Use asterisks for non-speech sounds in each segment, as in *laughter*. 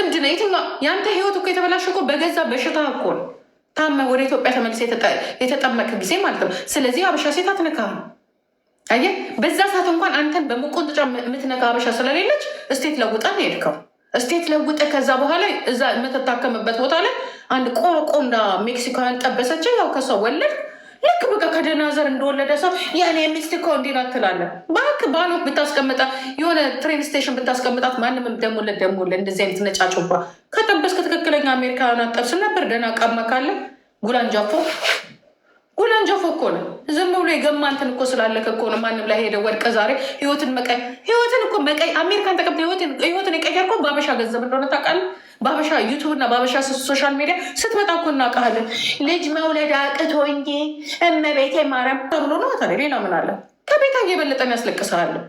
እብድ ነው። የትኛው የአንተ ህይወት እኮ የተበላሸው እኮ በገዛ በሽታ እኮ ታመ ወደ ኢትዮጵያ ተመልሰህ የተጠመቀ ጊዜ ማለት ነው። ስለዚህ አበሻ ሴት አትነካ። አየ በዛ ሰዓት እንኳን አንተን በመቆንጠጫ የምትነካ አበሻ ስለሌለች እስቴት ነው ሄድከው እስቴት ለውጠ። ከዛ በኋላ እዛ የምትታከምበት ቦታ ላይ አንድ ቆረቆንዳ ሜክሲካውያን ጠበሰች። ያው ከሷ ወለድ ልክ በቃ ከደናዘር ዘር እንደወለደ ሰው ያኔ ሚስት እኮ እንዲህ ናት ትላለህ። እባክህ ባኖት ብታስቀምጣት የሆነ ትሬን ስቴሽን ብታስቀምጣት ማንም ደሞለ ደሞለ እንደዚህ አይነት ነጫጭባ ከጠበስክ ትክክለኛ አሜሪካውያን አጠብስም ነበር። ደህና ቃማ ጉላንጃፎ ጉለንጀፎ እኮ ነው። ዝም ብሎ የገማ እንትን እኮ ስላለከ እኮ ነው። ማንም ላይ ሄደ ወድቀ ዛሬ ህይወትን መቀይ ህይወትን እኮ መቀይ አሜሪካን ተቀብ ህይወትን የቀየር እኮ በአበሻ ገንዘብ እንደሆነ ታውቃለህ። በአበሻ ዩቱብ እና በአበሻ ሶሻል ሚዲያ ስትመጣ እኮ እናውቃለን። ልጅ መውለድ አቅቶኝ እመቤቴ ማርያም ተብሎ ነው ታዲያ ሌላ ምን አለ? ከቤታ የበለጠን ያስለቅሳለሁ።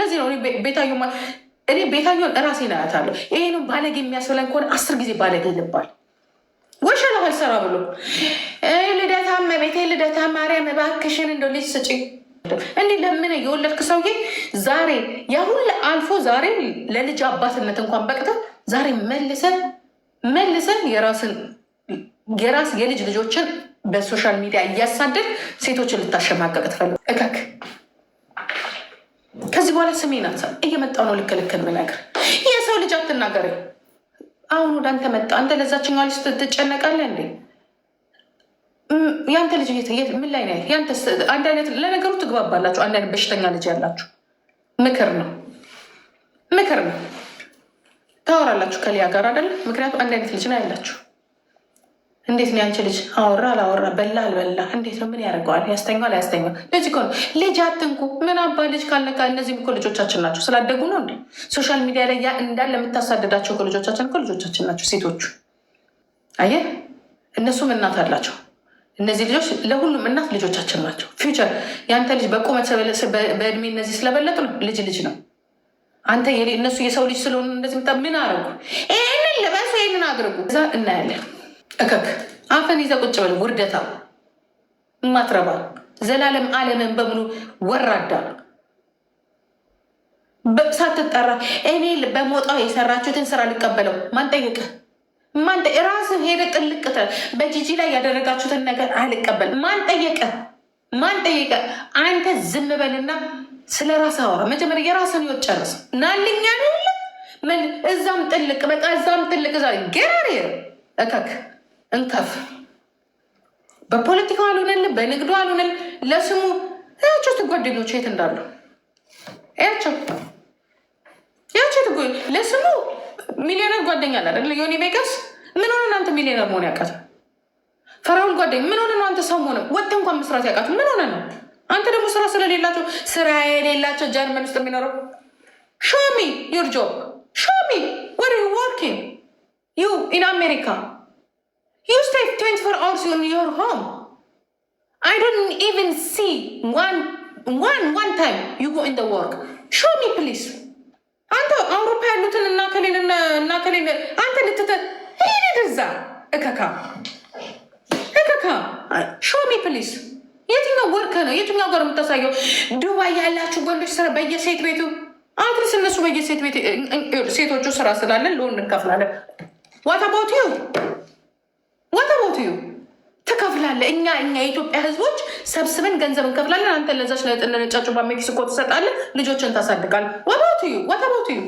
ለዚህ ነው ቤታዩ እኔ ቤታዬን እራሴ ናያታለሁ። ይህን ባለጌ የሚያስብለን ከሆነ አስር ጊዜ ባለጌ ይልባል። ወሸላ አልሰራ ብሎ ልደታ ቤቴ ልደታ ማርያም እባክሽን እንደ ልጅ ስጪ እንዲህ ለምን የወለድክ ሰውዬ ዛሬ ያሁን አልፎ ዛሬ ለልጅ አባትነት እንኳን በቅተ ዛሬ መልሰን መልሰን የራስን የራስ የልጅ ልጆችን በሶሻል ሚዲያ እያሳደድ ሴቶችን ልታሸማቀቅ ትፈልግ እከክ ከዚህ በኋላ ስሜን አትሰማም። እየመጣሁ ነው ልክ ልክ የሰው ልጅ አትናገር። አሁን ወደ አንተ መጣ። አንተ ለዛችኛዋ ልጅ ትጨነቃለህ እንዴ? የአንተ ልጅ ምን ላይ ነው? አንድ አይነት ለነገሩ ትግባባላችሁ። አንድ አይነት በሽተኛ ልጅ ያላችሁ ምክር ነው ምክር ነው ታወራላችሁ ከሊያ ጋር አይደለ? ምክንያቱም አንድ አይነት ልጅ ነው ያላችሁ እንዴት ነው ያንቺ ልጅ አወራ አላወራ በላ አልበላ እንዴት ነው ምን ያደርገዋል? ያስተኛል አያስተኛል? ልጅ እኮ ነው ልጅ አትንኩ። ምን አባ ልጅ ካልነካ እነዚህም እኮ ልጆቻችን ናቸው። ስላደጉ ነው እንዴ ሶሻል ሚዲያ ላይ ያ እንዳለ የምታሳደዳቸው እኮ ልጆቻችን እኮ ልጆቻችን ናቸው። ሴቶቹ አየ እነሱም እናት አላቸው። እነዚህ ልጆች ለሁሉም እናት ልጆቻችን ናቸው። ፊውቸር የአንተ ልጅ በቁመት በእድሜ እነዚህ ስለበለጡ ነው ልጅ ልጅ ነው። አንተ እነሱ የሰው ልጅ ስለሆኑ እንደዚህ ምን አረጉ? ይህንን ልበሱ፣ ይህንን አድርጉ፣ እዛ እናያለን እከክ አፈን ይዘ ቁጭ በል ውርደታ እማትረባ ዘላለም ዓለምን በሙሉ ወራዳ ሳትጠራ እኔ በሞጣው የሰራችሁትን ስራ ልቀበለው ማን ጠይቀ ማን ራስህ ሄደህ ጥልቅ በጂጂ ላይ ያደረጋችሁትን ነገር አልቀበል ማን ጠየቀ ማን ጠየቀህ? አንተ ዝም በልና ስለ ራስህ አውራ መጀመሪያ የራስህን ሕይወት ጨርስ። ናልኛ ምን እዛም ጥልቅ በቃ እዛም ጥልቅ እዛ ገራሬ እከክ እንከፍ በፖለቲካው አልሆነል በንግዱ አልሆነል። ለስሙ ያቸው ጓደኞች የት እንዳሉ ያቸው ያቸው ለስሙ ሚሊዮነር ጓደኛ አለ አይደል? ዮኒ ቤገስ ምን ሆነ እናንተ ሚሊዮነር መሆን ያውቃት? ፈራውል ጓደኛ ምን ሆነ ነው አንተ ሰው ሆነ እንኳን መስራት ያውቃት ምን ሆነ ነው? አንተ ደግሞ ስራ ስለሌላቸው ስራ የሌላቸው ጀርመን ውስጥ የሚኖረው ሾሚ ዮር ጆብ ሾሚ ወር ዩ ወርኪንግ ዩ ኢን አሜሪካ You stay 24 hours in your home. I don't even see one one one time you go in the work. Show me please. አንተ አውሮፓ ያሉትን እና ከሌን እና ከሌን አንተ ልትተ ሄደህ እዛ እከካ እከካ ሾው ሚ ፕሊዝ። የትኛው ወርክ ነው? የትኛው ጋር የምታሳየው? ዱባይ ያላችሁ ወንዶች ስራ በየሴት ቤቱ አድርስ። እነሱ በየሴት ቤት ሴቶቹ ስራ ስላለን ሎን እንከፍላለን። What about you? ዋት አባውት ዩ ትከፍላለህ። እኛ እኛ የኢትዮጵያ ህዝቦች ሰብስበን ገንዘብ እንከፍላለን። አንተ ለዛች ለነጫጩ ባሜኪስ እኮ ትሰጣለህ፣ ልጆችን ታሳድጋለህ። ዋት ዩ ዋት ዩ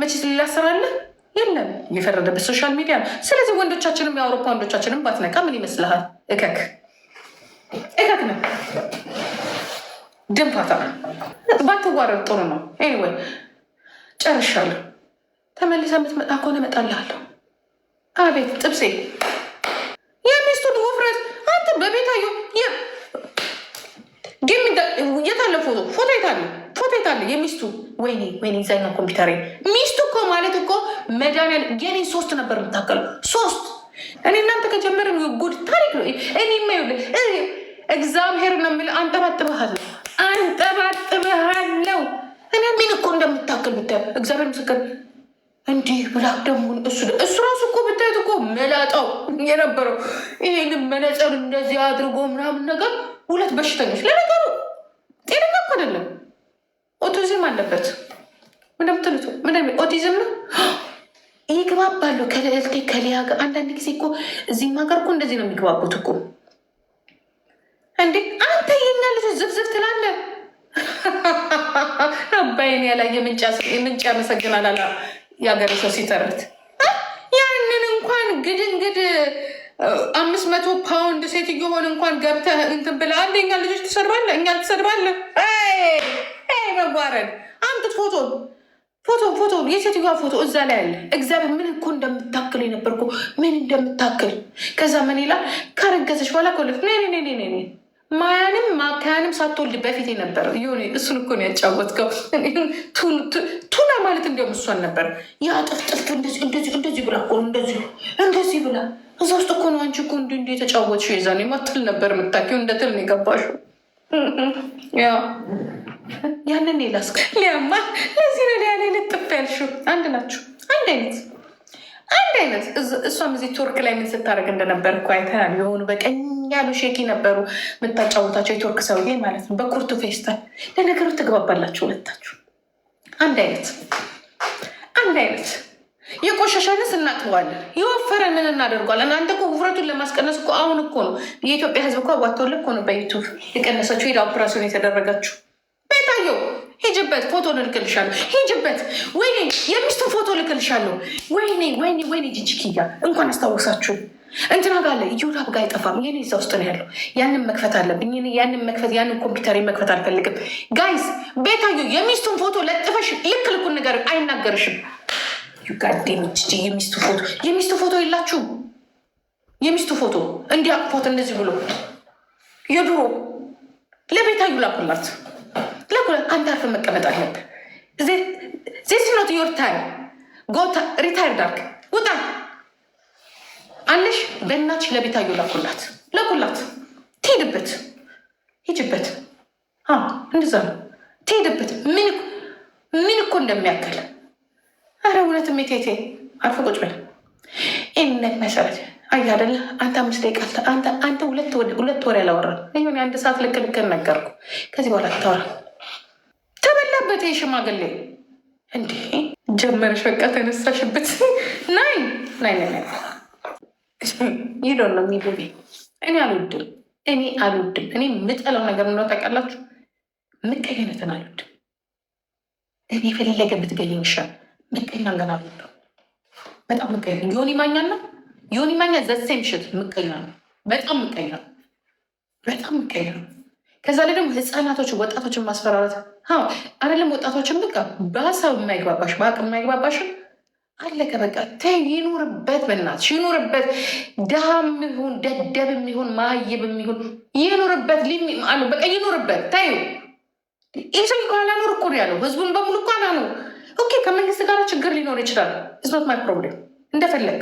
መቼ ስላሰራለህ የለም የፈረደበት ሶሻል ሚዲያ ነው። ስለዚህ ወንዶቻችንም የአውሮፓ ወንዶቻችንም ባትነቃ ምን ይመስልሃል? እከክ እከክ ነው ድንፋታ ባትዋረድ ጥሩ ነው። ኤኒዌይ ጨርሻለሁ። ተመልሰ የምትመጣ ከሆነ እመጣልሃለሁ። አቤት ጥብሴ ፎቶ ፎቶ የታለ? ፎቶ የታለ? የሚስቱ ወይኔ ወይኔ ዛኛ ኮምፒውተር ሚስቱ እኮ ማለት እኮ መዳንያን የኔ ሶስት ነበር የምታከለው ሶስት እኔ እናንተ ከጀመርን ጉድ ታሪክ ነው። እኔ ማይል እግዚአብሔር ነው የምልህ። አንጠባጥበሃል አንጠባጥበሃለው እኔ ምን እኮ እንደምታክል ብታዩ እግዚአብሔር ምስክር እንዲህ ብላ ደግሞ እሱ እሱ ራሱ እኮ ብታዩት እኮ መላጣው የነበረው ይህንም መነፀር እንደዚህ አድርጎ ምናምን ነገር ሁለት በሽተኞች ለነገሩ ጤነኛ እኮ አይደለም። ኦቲዝም አለበት። ምንምትሉት ኦቲዝም ነው። *gasps* ይግባባሉ ከልዕልቴ ከሊያ ጋር። አንዳንድ ጊዜ እኮ እዚህም ሀገር እኮ እንደዚህ ነው የሚግባቡት እኮ እንዴ። አንተ የኛ ልጅ ዝፍዝፍ ትላለህ። አባይን ያላየ ምንጭ ያመሰግናል አላ የሀገር ሰው ሲተርት ያንን እንኳን ግድንግድ አምስት መቶ ፓውንድ ሴትዮ ሆነ እንኳን ገብተህ እንትን ብለሃል። እኛ ልጆች ትሰድባለህ፣ እኛ ትሰድባለህ። መጓረን አምጥት ፎቶ ፎቶ ፎቶ የሴትዮዋ ፎቶ እዛ ላይ አለ። እግዚአብሔር ምን እኮ እንደምታክል የነበርኩ ምን እንደምታክል ከዛ ምን ይላል ከረገዘች በኋላ ኮልፍ ማያንም ማካያንም ሳትወልድ በፊት የነበረው ሆነ። እሱን እኮ ነው ያጫወትከው። ቱና ማለት እንዲያውም እሷን ነበር ያ ጥፍጥፍ እንደዚህ እንደዚህ ብላ እንደዚህ እንደዚህ ብላ እዛ ውስጥ እኮ ነው አንቺ እኮ እንዲ እንዲ የተጫወትሽው የዛኔ ማ ነበር የምታውቂው፣ እንደ ትል ነው የገባሽው። ያንን ላስቀ ሊያማ ለዚህ ነው ሊያ ላይ ልጥፍ ያልሽው። አንድ ናችሁ፣ አንድ አይነት አንድ አይነት። እሷም እዚህ ቱርክ ላይ ምን ስታደርግ እንደነበር እኮ አይተናል። የሆኑ በቀኝ ያሉ ሼኪ ነበሩ የምታጫወታቸው የቱርክ ሰውዬ ማለት ነው፣ በኩርቱ ፌስታል። ለነገሩ ትግባባላችሁ ሁለታችሁ፣ አንድ አይነት አንድ አይነት የቆሻሻነ እናጥበዋለን፣ የወፈረንን እናደርጓል? እናንተ እኮ ውፍረቱን ለማስቀነስ እኮ አሁን እኮ ነው የኢትዮጵያ ሕዝብ እኮ አዋተውል እኮ ነው በዩቱብ የቀነሰችው ሄዳ ኦፕራሲዮን የተደረገችው ቤታየው ሂጅበት ፎቶ ልክልሻለሁ። ሂጅበት ወይኔ የሚስቱ ፎቶ ልክልሻለሁ። ወይኔ ወይኔ ወይኔ ጅጅኪያ እንኳን አስታወሳችሁ። እንትና ጋለ አለ ዩዳብ አይጠፋም። የኔ እዛ ውስጥ ነው ያለው። ያንን መክፈት አለብኝ። ያንን መክፈት ያንን ኮምፒውተር መክፈት አልፈልግም። ጋይስ ቤታዩ የሚስቱን ፎቶ ለጥፈሽ ልክ ልኩን ነገር አይናገርሽም። ጋዴምች የሚስቱ ፎቶ የሚስቱ ፎቶ የላችሁ የሚስቱ ፎቶ እንዲህ አቅፏት እንደዚህ ብሎ የድሮ ለቤታዩ ላኩላት ላኩላት። አንተ አርፈ መቀመጥ አለብ። ዚስ ኖት ዮር ታይም ጎታ ሪታይር ዳርክ ውጣ አለሽ። በእናትሽ ለቤታዩ ላኩላት ላኩላት። ትሄድበት ሂጅበት እንደዛ ነው። ትሄድበት ምን እኮ እንደሚያክል አረ እውነትም ቴቴ አርፎ ቁጭ በል። ይህንነት መሰረት አየህ አይደለ አንተ አምስት ደቂቃ አንተ አንተ ሁለት ወር ያላወራ ይሁን የአንድ ሰዓት ልክ ልክ ነገርኩ። ከዚህ በኋላ ታወራ ተበላበት። ሽማግሌ እንዴ ጀመረሽ? በቃ ተነሳሽበት። ናይ ናይ ናይ ይዶን ነው የሚቡቤ እኔ አልወድም እኔ አልወድም። እኔ የምጠላው ነገር እንደው ታውቃላችሁ፣ ምቀኝነትን አልወድም። እኔ የፈለገ ብትገኝ ይሻል ምቀኛ ገና በጣም ምቀኛ ዮኒ ማኛ ነው። ዮኒ ማኛ ዘሴም ሽት ምቀኛ ነው። በጣም ምቀኛ ነው። በጣም ምቀኛ ነው። ከዛ ላይ ደግሞ ህፃናቶች ወጣቶችን ማስፈራራት አይደለም። ወጣቶችን በቃ በሀሳብ የማይግባባሽ በአቅም የማይግባባሽ አለቀ በቃ ተ ይኑርበት፣ በእናትሽ ይኑርበት። ድሃም ይሁን ደደብ ይሁን ማየብ ይሁን ይኑርበት፣ በቃ ይኑርበት። ተይው። ይህ ሰው እኮ አላኖር እኮ ነው ያለው ህዝቡን በሙሉ እኮ ነው ኦኬ፣ ከመንግስት ጋር ችግር ሊኖር ይችላል። ኢትስ ማይ ፕሮብሌም እንደፈለግ።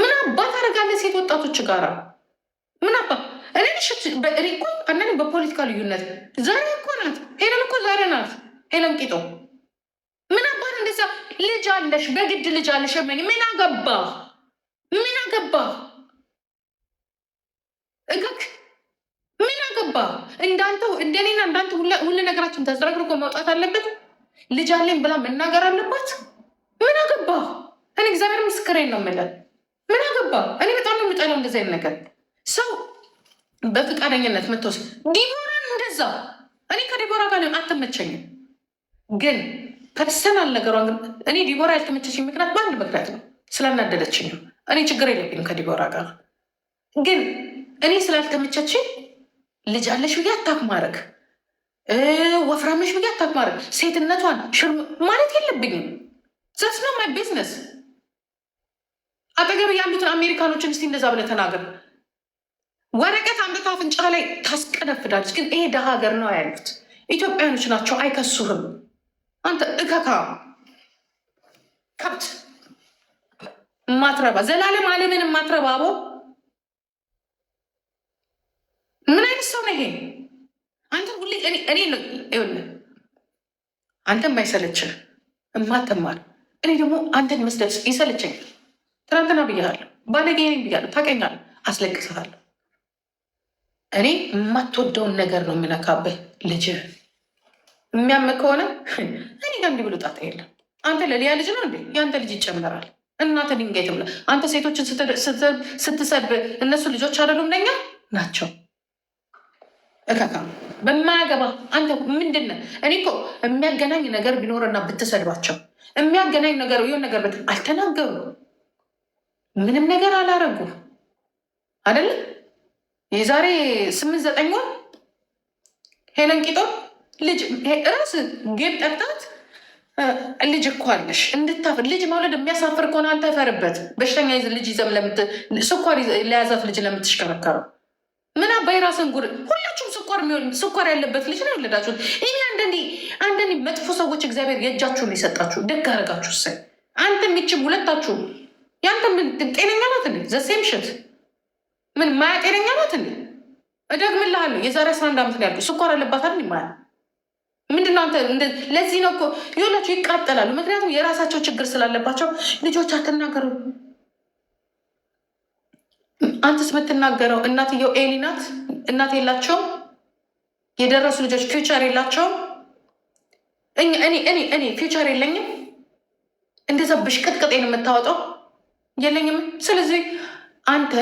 ምን አባት አደርጋለሁ ሴት ወጣቶች ጋር ምን አባ እኔ ሽት እኮ አንዳንዴ በፖለቲካ ልዩነት ዛሬ እኮ ናት ሄለን እኮ ዛሬ ናት ሄለን ቂጦ ምን አባት እንደዛ ልጅ አለሽ በግድ ልጅ አለሽ መኝ ምን አገባ ምን አገባ እግክ ምን አገባ እንዳንተ እንደኔና እንዳንተ ሁሉ ነገራችን ተዝረግርጎ መውጣት አለበት። ልጅ አለኝ ብላ መናገር አለባት? ምን አገባ? እኔ እግዚአብሔር ምስክሬን ነው የምልህ። ምን አገባ? እኔ በጣም ነው የምጠለው እንደዚህ አይነት ነገር። ሰው በፍቃደኝነት ምትወስ ዲቦራን እንደዛ እኔ ከዲቦራ ጋር አልተመቸኝም፣ ግን ፐርሰናል ነገሯ እኔ ዲቦራ ያልተመቸችኝ ምክንያት በአንድ ምክንያት ነው ስላናደደችኝም። እኔ ችግር የለብኝም ከዲቦራ ጋር ግን እኔ ስላልተመቸችኝ ልጅ አለሽ ብዬ አታክ ማድረግ ወፍራምሽ ብዬ አታማር ሴትነቷን ማለት የለብኝም። ዘስ ነው ማይ ቢዝነስ። አጠገብ ያሉትን አሜሪካኖችን እስቲ እንደዛ ብለህ ተናገር። ወረቀት አምጥታ አፍንጫ ላይ ታስቀነፍዳለች። ግን ይሄ ደሃ ሀገር ነው ያሉት ኢትዮጵያኖች ናቸው። አይከሱህም። አንተ እከካ ከብት ማትረባ ዘላለም ዓለምን ማትረባበው? ምን አይነት ሰው ነው ይሄ? አንተ ሁሌ እኔ አንተ የማይሰለችህ የማትማር እኔ ደግሞ አንተን መስደስ ይሰለችኝ። ትናንትና ብያለሁ፣ ባለጌ ብያለሁ፣ ታውቀኛለህ፣ አስለቅስሃለሁ። እኔ የማትወደውን ነገር ነው የምነካበት። ልጅ የሚያም ከሆነ እኔ ጋር እንዲህ ብሎ ጣጣ የለም። አንተ ለሊያ ልጅ ነው እንዴ? የአንተ ልጅ ይጨምራል። እናተ ድንጋይ ትብላ። አንተ ሴቶችን ስትሰድብ እነሱ ልጆች አይደሉም ለኛ ናቸው። እከካ በማያገባ አንተ ምንድን ነህ? እኔ እኮ የሚያገናኝ ነገር ቢኖርና ብትሰድባቸው የሚያገናኝ ነገር ይሁን ነገር በት አልተናገሩ ምንም ነገር አላረጉ አይደለም። የዛሬ ስምንት ዘጠኝ ወር ሄለን ቂጦ ልጅ ራስ ጌብ ጠጣት። ልጅ እኮ አለሽ ልጅ መውለድ የሚያሳፍር ከሆነ አንተ ፈርበት። በሽተኛ ልጅ ይዘም ስኳር ለያዛት ልጅ ለምትሽከረከረው ምን አባይ ራስን ጉድ። ሁላችሁም ስኳር ስኳር ያለበት ልጅ ነው የወለዳችሁት። እኔ አንዳንዴ አንዳንዴ መጥፎ ሰዎች እግዚአብሔር የእጃችሁን የሰጣችሁ ደግ አደረጋችሁ። ሰ አንተ የሚችም ሁለታችሁ ያንተ ጤነኛ ናት እንዴ? ዘሴም ሽት ምን ማያ ጤነኛ ናት እንዴ? እደግምልሃለሁ የዛሬ አስራ አንድ ዓመት ነው ያልኩህ። ስኳር አለባት አይደል ማያ ምንድነው አንተ ለዚህ ነው እኮ የሁላችሁ ይቃጠላሉ። ምክንያቱም የራሳቸው ችግር ስላለባቸው ልጆች አትናገሩ አንተስ የምትናገረው እናትየው ኤሊ ናት። እናት የላቸውም፣ የደረሱ ልጆች ፊውቸር የላቸውም። እኔ እኔ እኔ ፊውቸር የለኝም። እንደዛ ብሽቅጥቅጤን የምታወጣው የለኝም። ስለዚህ አንተ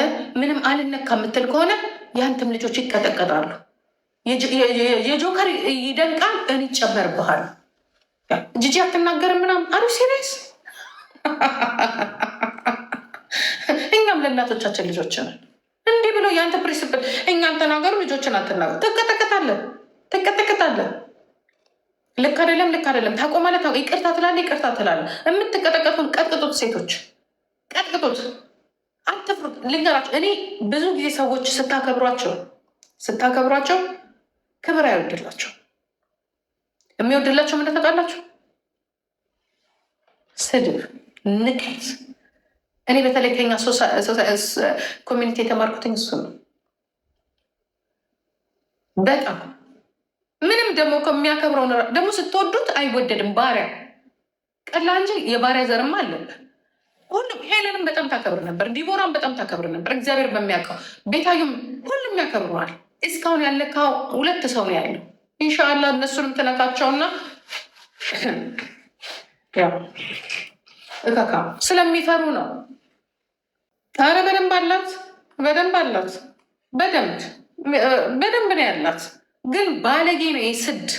ምንም አልነካ የምትል ከሆነ የአንተም ልጆች ይቀጠቀጣሉ። የጆከር ይደንቃል፣ እኔ ይጨመርብሃል። ጂጂ አትናገርም ምናምን አሩ ሲሪየስ *laughs* እኛም ለእናቶቻችን ልጆች ነን። እንዲህ ብሎ የአንተ ፕሪንስፕል እኛን ተናገሩ፣ ልጆችን አትናገሩ። ትቀጠቅጣለህ ትቀጠቅጣለህ። ልክ አይደለም፣ ልክ አይደለም። ታቆማለህ፣ ይቅርታ ትላለህ፣ ይቅርታ ትላለህ። የምትቀጠቀጡን ቀጥቅጡት፣ ሴቶች ቀጥቅጡት፣ አትፍሩት። ልንገራቸው፣ እኔ ብዙ ጊዜ ሰዎች ስታከብሯቸው ስታከብሯቸው ክብር አይወድላቸው የሚወድላቸው ምንድን ታውቃላችሁ? ስድብ፣ ንቀት እኔ በተለይ ከኛ ኮሚኒቲ የተማርኩትኝ እሱ ነው። በጣም ምንም ደግሞ ከሚያከብረው ደግሞ ስትወዱት አይወደድም። ባሪያ ቀላ እንጂ የባሪያ ዘርም አለብን። ሁሉም ሄለንም በጣም ታከብር ነበር፣ ዲቦራን በጣም ታከብር ነበር። እግዚአብሔር በሚያውቀው ቤታዩም ሁሉም ያከብረዋል። እስካሁን ያለ ሁለት ሰው ነው ያለው። እነሱንም ትነካቸውና *clears throat* እካካ ስለሚፈሩ ነው። አረ በደንብ አላት፣ በደንብ አላት፣ በደንብ በደንብ ነው ያላት። ግን ባለጌ ነው ስድ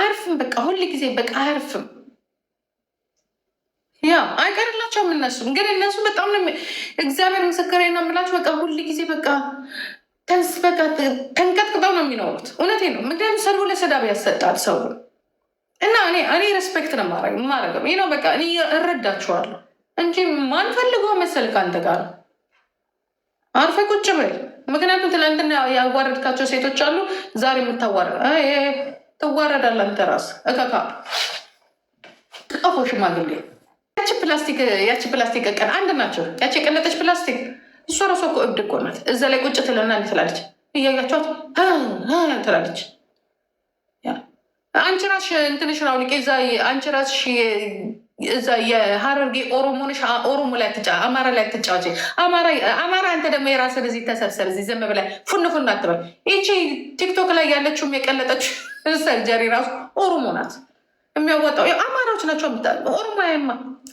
አርፍም በቃ ሁል ጊዜ በቃ አርፍም ያ አይቀርላቸውም እነሱም ግን እነሱ በጣም ነው እግዚአብሔር ምስክሬ ነው የምላቸው። በቃ ሁል ጊዜ በቃ ተንቀጥቅጠው ነው የሚኖሩት። እውነቴ ነው። ምክንያቱም ሰርቦ ለሰዳብ ያሰጣል ሰው እና እኔ ሬስፔክት ነው ማረግ ማረግም ይህ ነው በቃ እኔ እረዳችኋለሁ። እንጂ ማን ፈልጎ መሰል ከአንተ ጋር አርፈ ቁጭ ብል። ምክንያቱም ትናንትና ያዋረድካቸው ሴቶች አሉ፣ ዛሬ የምታዋረ ትዋረዳለህ። አንተ ራስህ እከካ ቀፎ ሽማግሌ ያቺ ፕላስቲክ ቀን አንድ ናቸው። ያቺ የቀለጠች ፕላስቲክ እሷ ራሷ እኮ እብድ እኮ ናት። እዛ ላይ ቁጭ ትለና ትላለች፣ እያያቸዋት ትላለች። አንቺ ራስሽ እንትንሽ ዛ አንቺ ራስሽ እዛ የሀረርጌ ኦሮሞ ኦሮሞ ላይ ትጫ አማራ ላይ ትጫወች። አማራ አንተ ደግሞ የራስን እዚህ ተሰብሰብ፣ እዚህ ዝም ብላ ፉን ፉን አትበል። ይቺ ቲክቶክ ላይ ያለችውም የቀለጠች *laughs* ሰርጀሪ ራሱ ኦሮሞ ናት የሚያወጣው። አማራዎች ናቸው ኦሮሞ ያማ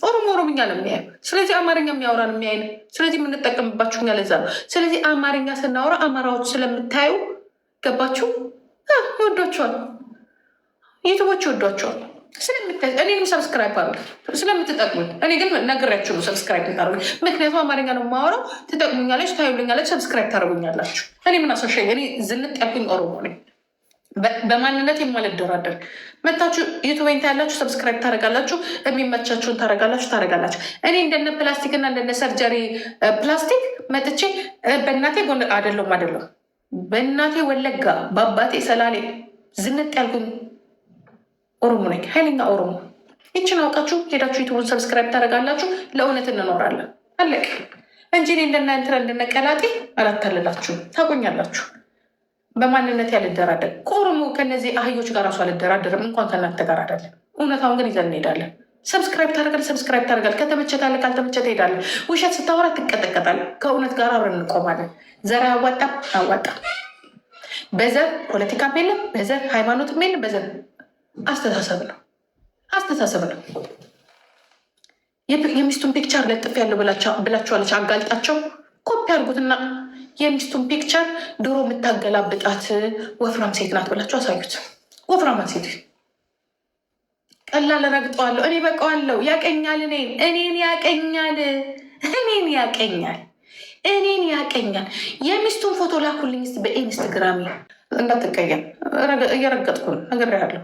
ኦሮሞ ኦሮምኛ ነው የሚያዩ። ስለዚህ አማርኛ ነው የሚያይ ነው። ስለዚህ የምንጠቀምባችሁ እኛ ለዛ ነው። ስለዚህ አማርኛ ስናወራ አማራዎች ስለምታዩ ገባችሁ፣ ወዷቸዋል፣ ዩቱቦች ይወዷቸዋል። ስለምታይ እኔንም ሰብስክራይብ አሉ ስለምትጠቅሙኝ። እኔ ግን ነግራችሁ ነው ሰብስክራይብ ታደርጉ። ምክንያቱም አማርኛ ነው የማወራው። ትጠቅሙኛለች፣ ታዩልኛለች፣ ሰብስክራይብ ታደርጉኛላችሁ። እኔ ምን አሰሸኝ? እኔ ዝንጥ ያልኩኝ ኦሮሞ ነኝ፣ በማንነት የማልደራደር መታችሁ ዩቱቤን ታያላችሁ፣ ሰብስክራይብ ታደርጋላችሁ፣ የሚመቻችሁን ታደርጋላችሁ ታደርጋላችሁ። እኔ እንደነ ፕላስቲክ እና እንደነ ሰርጀሪ ፕላስቲክ መጥቼ በእናቴ ጎን አደለም አደለም፣ በእናቴ ወለጋ በአባቴ ሰላሌ ዝንጥ ያልኩኝ ኦሮሞ ነኝ፣ ኃይለኛ ኦሮሞ። ይችን አውቃችሁ ሄዳችሁ ዩቱቡን ሰብስክራይብ ታደርጋላችሁ። ለእውነት እንኖራለን አለቅ እንጂ እኔ እንደናንትራ እንደነቀላጤ አላታልላችሁ ታቆኛላችሁ። በማንነት ያልደራደር ከኦሮሞ ከነዚህ አህዮች ጋር ራሱ አልደራደርም፣ እንኳን ከእናንተ ጋር አይደለም። እውነታውን ግን ይዘን እንሄዳለን። ሰብስክራይብ ታደርጋል፣ ሰብስክራይብ ታደርጋል። ከተመቸታለ፣ ካልተመቸ ትሄዳለን። ውሸት ስታወራ ትቀጠቀጣል። ከእውነት ጋር አብረን እንቆማለን። ዘር አያዋጣም፣ አያዋጣም። በዘር ፖለቲካም የለም፣ በዘር ሃይማኖትም የለም፣ በዘር አስተሳሰብ ነው አስተሳሰብ ነው። የሚስቱን ፒክቸር ለጥፍ ያለው ብላችኋለች። አጋልጣቸው ኮፒ አድርጉትና የሚስቱን ፒክቸር ድሮ የምታገላብጣት ወፍራም ሴት ናት ብላችሁ አሳዩት። ወፍራም ሴት ቀላል ረግጠዋለሁ፣ እኔ በቀዋለሁ፣ ያቀኛል፣ እኔን እኔን ያቀኛል፣ እኔን ያቀኛል፣ እኔን ያቀኛል። የሚስቱን ፎቶ ላኩልኝ በኢንስትግራም። እንዳትቀየም እየረገጥኩ ነግሬሃለሁ።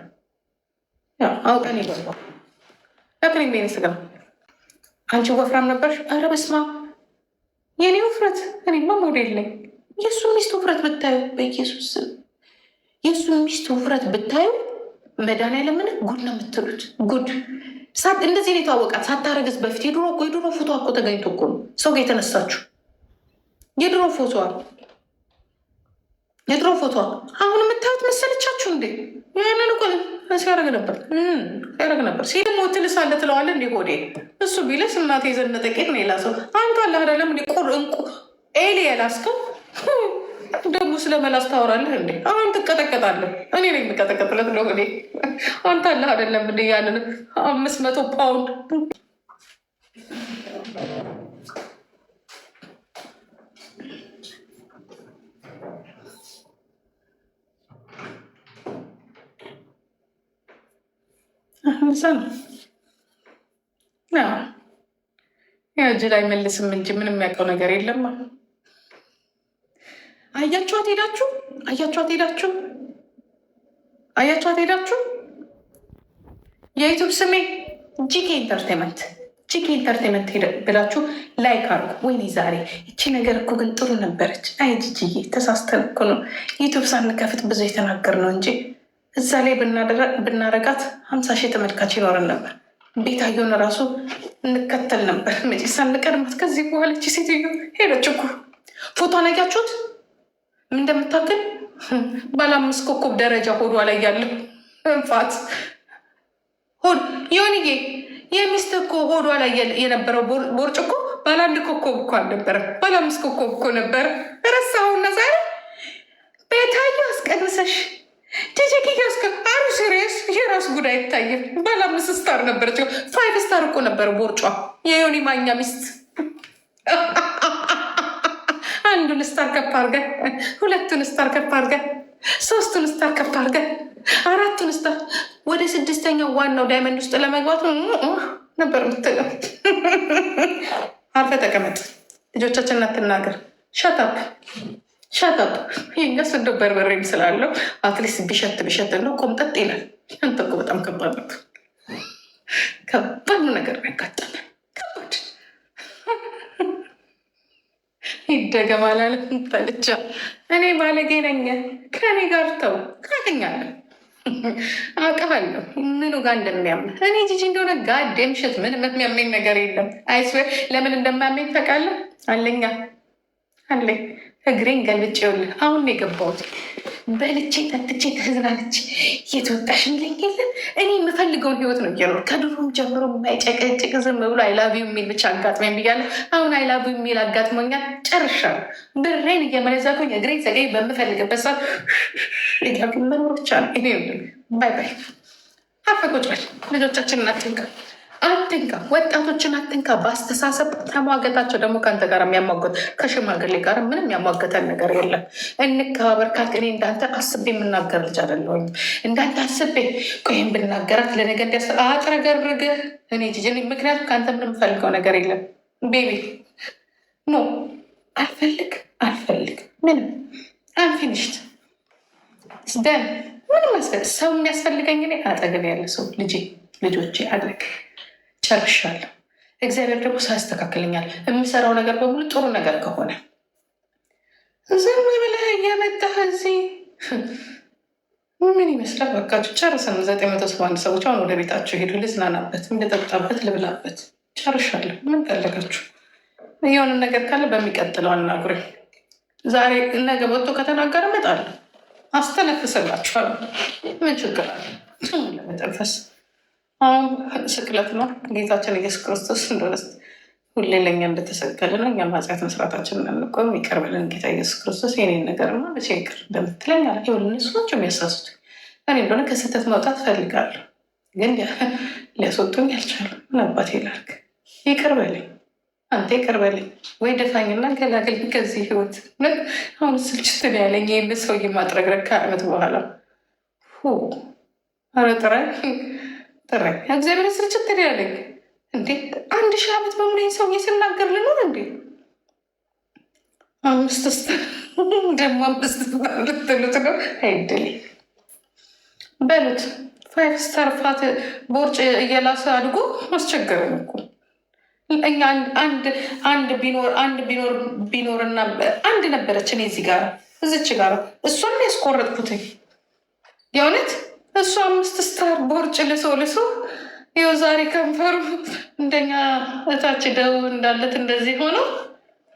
አውቀን ይበል ስጋ አንቺ ወፍራም ነበርሽ። ኧረ በስመ አብ የኔ ውፍረት እኔማ ሞዴል ነኝ። የእሱ ሚስት ውፍረት ብታዩ በኢየሱስ የእሱ ሚስት ውፍረት ብታዩ መድኃኒዓለምን ጉድ ነው የምትሉት። ጉድ እንደዚህ ነው የተዋወቃት ሳታረግዝ በፊት። የድሮ የድሮ ፎቶ እኮ ተገኝቶ እኮ ነው ሰው ጋር የተነሳችሁ የድሮ ፎቶ የድሮ ፎቶ አሁን የምታዩት መሰለቻችሁ እንዴ? ያንን እኮ ሲያደርግ ነበር ሲያደርግ ነበር ሲሞ ትልሳለ ትለዋለ እንዲ ሆዴ እሱ ቢለስ እናት የዘነ ቄት ነው የላሰው። አንተ አለ አደለም እንዲ ቁር እንቁ ኤሊ የላስከው ደግሞ ስለ መላስ ታወራለህ እንዴ? አሁን ትቀጠቀጣለህ። እኔ ነው የምቀጠቀጥለት ነው እኔ አንተ አለ አደለም እንዲ ያንን አምስት መቶ ፓውንድ ምሳ ነው። ያው እጅ ላይ መልስም እንጂ ምንም የሚያውቀው ነገር የለም። አያችኋት ሄዳችሁ፣ አያችኋት ሄዳችሁ፣ አያችኋት ሄዳችሁ። የዩቱብ ስሜ ጂኬ ኢንተርቴንመንት ጂኬ ኢንተርቴንመንት ብላችሁ ላይክ አርጉ። ወይኔ ዛሬ እቺ ነገር እኮ ግን ጥሩ ነበረች። አይ ጂጂዬ ተሳስተን እኮ ነው ዩቱብ ሳንከፍት ብዙ የተናገር ነው እንጂ እዛ ላይ ብናረጋት ሀምሳ ሺህ ተመልካች ይኖረን ነበር። ቤታየውን ራሱ እንከተል ነበር መቼ ሳንቀድማት። ከዚህ በኋላ እቺ ሴትዮ ሄደች እኮ ፎቶ አላያችሁት? ምን እንደምታክል ባለ አምስት ኮከብ ደረጃ ሆዷ ላይ ያለው እንፋት ሆድ የሚስት እኮ ሆዷ ላይ የነበረው ቦርጭ እኮ ባለ አንድ ኮከብ እኮ አልነበረም፣ ባለ አምስት ኮከብ እኮ ነበረ። ረሳሁን ዛሬ ቤታየ አስቀንሰሽ ጂጂኪ ያስከ አሩ ሲሪየስ የራስ ጉዳይ ይታየ። ባለ አምስት ስታር ነበረች፣ ፋይቭ ስታር እኮ ነበር ቦርጫ። የዮኒ ማኛ ሚስት *laughs* አንዱን ስታር ከፍ አድርገ፣ ሁለቱን ስታር ከፍ አድርገ፣ ሶስቱን ስታር ከፍ አድርገ፣ አራቱን ስታር ወደ ስድስተኛው ዋናው ዳይመንድ ውስጥ ለመግባት *laughs* ነበር ምትለው። *laughs* አርፈ ተቀመጥ፣ ልጆቻችን አትናገር። ሸታፕ ሸጠጥ ይሄኛ ስንዶ በርበሬም ስላለው አትሊስት ቢሸት ቢሸት ነው ቆምጠጥ ይላል። ያንተ እኮ በጣም ከባድ ነው። ከባድ ነገር ያጋጠመ ከባድ ይደገማል ተልቻ እኔ ባለጌ ነኝ። ከኔ ጋር ተው ካገኛለን አውቃለሁ ምኑ ጋር እንደሚያምን እኔ ጂጂ እንደሆነ ጋ ሽት ምን የሚያመኝ ነገር የለም። አይስ ለምን እንደማያመኝ ታውቃለህ? አለኛ አለኝ እግሬን ገልጬ ይኸውልህ፣ አሁን ነው የገባሁት። በልቼ ጠጥቼ ተዝናንቼ የት ወጣሽ የሚለኝ የለም። እኔ የምፈልገውን ህይወት ነው እየኖር ከድሮም ጀምሮ የማይጨቀጭቅ ዝም ብሎ አይላቢው የሚል ብቻ አጋጥሞ የሚያለ አሁን አይላቢው የሚል አጋጥሞኛል። ጨርሻ ብሬን እየመለዛኩኝ እግሬን ዘገኝ በምፈልግበት ሰዓት እያሉ መኖር ብቻ ነው። እኔ ባይ ባይ። አፈቆጫል ልጆቻችን እናትንቃል አትንካ፣ ወጣቶችን አትንካ። በአስተሳሰብ ተሟገታቸው። ደግሞ ከአንተ ጋር የሚያሟገት ከሽማግሌ ጋር ምንም ያሟገተን ነገር የለም። እንከባበር ካልክ እኔ እንዳንተ አስቤ የምናገር ልጅ አይደለሁም። እንዳንተ አስቤ ቆይም ብናገራት ለነገ እንዲያስ አጥረገርግ እኔ ጅጅ። ምክንያቱም ከአንተ ምንም ነገር የለም። ቤቢ ኖ አልፈልግ አልፈልግ ምንም አንፊኒሽት ደን ምንም ሰው የሚያስፈልገኝ እኔ አጠገብ ያለ ሰው ልጄ ልጆቼ አድረግ ጨርሻለሁ። እግዚአብሔር ደግሞ ሳያስተካክልኛል የምሰራው ነገር በሙሉ ጥሩ ነገር ከሆነ ዝም ብለህ የመጣህ እዚህ ምን ይመስላል? በቃ ጨርሰን ዘጠኝ መቶ ሰባ አንድ ሰዎች አሁን ወደ ቤታቸው ሄዱ። ልዝናናበት፣ እንደጠጣበት፣ ልብላበት። ጨርሻለሁ። ምን ፈለጋችሁ? የሆነ ነገር ካለ በሚቀጥለው አናግሩኝ። ዛሬ ነገ ወጥቶ ከተናገረ እመጣለሁ፣ አስተነፍስላችኋለሁ። ምን ችግር አለ? ለመጠንፈስ ስቅለት ነው ጌታችን ኢየሱስ ክርስቶስ እንደሆነ ሁሌ ለኛ እንደተሰቀለ ነው። እኛም ኃጢአት መስራታችን አንቆም ይቀርበልን ጌታ ኢየሱስ ክርስቶስ የኔን ነገር ነው መቼ ይቅር እንደምትለኝ አለ። ይኸውልህ እሱ ናቸው የሚያሳሱት። እኔ እንደሆነ ከስህተት መውጣት ፈልጋለሁ፣ ግን ሊያስወጡኝ ያልቻሉ ምን አባቴ ይቅርበልኝ፣ አንተ ይቅርበልኝ ወይ ደፋኝና ገላግልኝ ከዚህ ህይወት። አሁን ስልችት ነው ያለኝ ይህን ሰውዬ ማጥረግረግ ከአመት በኋላ ኧረ እረኛ እግዚአብሔር ስርጭት ያለኝ እንዴ! አንድ ሺህ ዓመት በሙሉ ይህ ሰውዬ ሲናገር ልኖር እንዴ? አምስት ስ *laughs* ደግሞ አምስት ልትሉት ነው አይደል በሉት። ፋይቭ ስታር ፋት ቦርጭ እየላሰ አድጎ አስቸገረን እኮ እኛ አንድ ቢኖር አንድ ቢኖር ቢኖርና አንድ ነበረችን እዚህ ጋር እዚች ጋር እሷን ያስቆረጥኩትኝ የእውነት እሱ አምስት ስታር ቦርጭ ልሶ ልሶ ይኸው ዛሬ ከንፈሩ እንደኛ እታች ደው እንዳለት እንደዚህ ሆኖ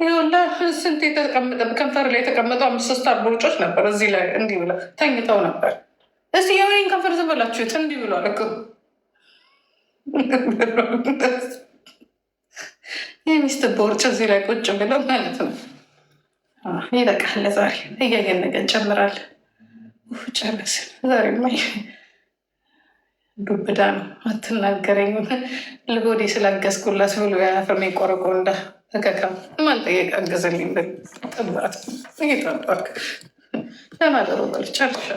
ይኸውላ ስንት የተቀመጠ ከንፈር ላይ የተቀመጡ አምስት ስታር ቦርጮች ነበር። እዚህ ላይ እንዲህ ብላ ተኝተው ነበር። እስቲ የሆኔን ከንፈር ዝበላችሁት እንዲህ ብሏል እኮ የሚስት ቦርጭ እዚህ ላይ ቁጭ ብለው ማለት ነው። ይበቃል። ዛሬ እያየን ነገር እንጨምራለን። ጨረስ። ዛሬማ ዱብዳ ነው አትናገረኝ። ልቦዴ ስላገዝኩላት ብሎ ያፈርሜ ቆረቆ ተከካም አገዘልኝ ለማደሮ